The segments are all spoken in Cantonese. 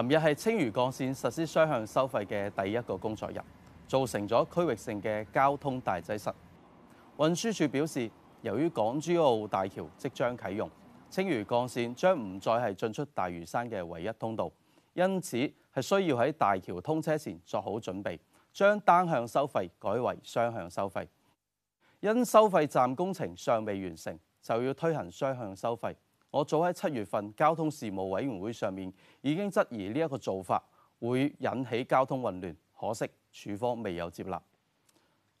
昨日係青嶼幹線實施雙向收費嘅第一個工作日，造成咗區域性嘅交通大擠塞。運輸署表示，由於港珠澳大橋即將啟用，青嶼幹線將唔再係進出大嶼山嘅唯一通道，因此係需要喺大橋通車前作好準備，將單向收費改為雙向收費。因收費站工程尚未完成，就要推行雙向收費。我早喺七月份交通事務委員會上面已經質疑呢一個做法會引起交通混亂，可惜處方未有接納。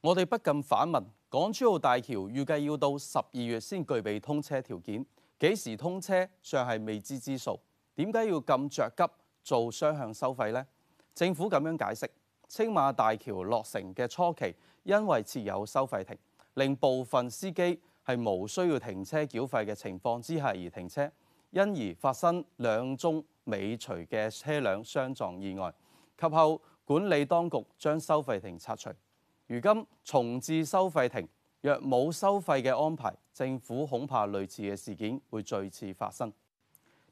我哋不禁反問：港珠澳大橋預計要到十二月先具備通車條件，幾時通車尚係未知之數。點解要咁着急做雙向收費呢？政府這樣解釋：青馬大橋落成嘅初期，因為設有收費亭，令部分司機，係無需要停車繳費嘅情況之下而停車，因而發生兩宗尾隨嘅車輛相撞意外，及後管理當局將收費亭拆除。如今重置收費亭，若冇收費嘅安排，政府恐怕類似嘅事件會再次發生。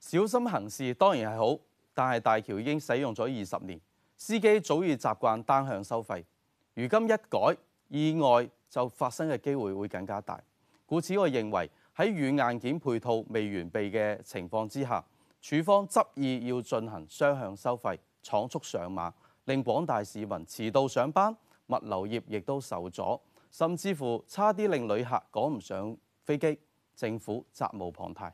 小心行事當然係好，但係大橋已經使用咗二十年，司機早已習慣單向收費。如今一改，意外就發生嘅機會會更加大。故此，我認為喺軟硬件配套未完備嘅情況之下，處方執意要進行雙向收費，倉促上馬，令廣大市民遲到上班，物流業亦都受阻，甚至乎差啲令旅客趕唔上飛機。政府責無旁貸。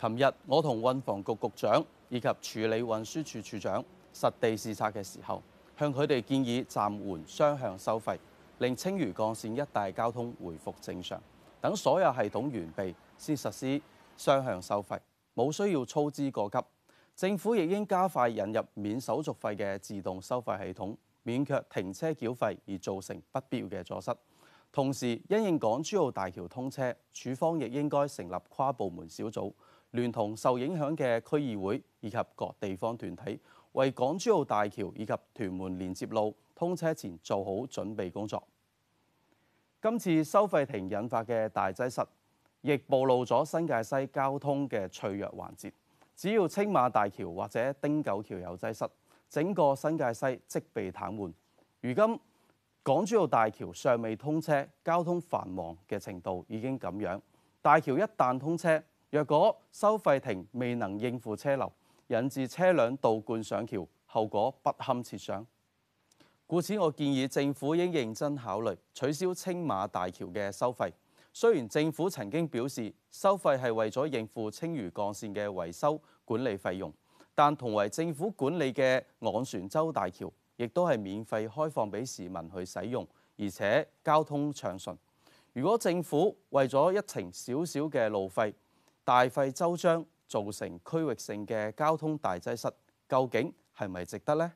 琴日我同運房局局長以及處理運輸處處長實地視察嘅時候，向佢哋建議暫緩雙向收費。令青嶼幹線一帶交通恢復正常，等所有系統完備先實施雙向收費，冇需要操之過急。政府亦應加快引入免手續費嘅自動收費系統，免卻停車繳費而造成不必要嘅阻塞。同時，因應港珠澳大橋通車，處方亦應該成立跨部門小組，聯同受影響嘅區議會以及各地方團體，為港珠澳大橋以及屯門連接路，通車前做好準備工作。今次收費亭引發嘅大擠塞，亦暴露咗新界西交通嘅脆弱環節。只要青馬大橋或者汀九橋有擠塞，整個新界西即被癱瘓。如今港珠澳大橋尚未通車，交通繁忙嘅程度已經咁樣。大橋一旦通車，若果收費亭未能應付車流，引致車輛倒灌上橋，後果不堪設想。故此，我建議政府應認真考慮取消青馬大橋嘅收費。雖然政府曾經表示收費係為咗應付青嶼幹線嘅維修管理費用，但同為政府管理嘅昂船洲大橋，亦都係免費開放俾市民去使用，而且交通暢順。如果政府為咗一程少少嘅路費，大費周章造成區域性嘅交通大擠塞，究竟係咪值得呢？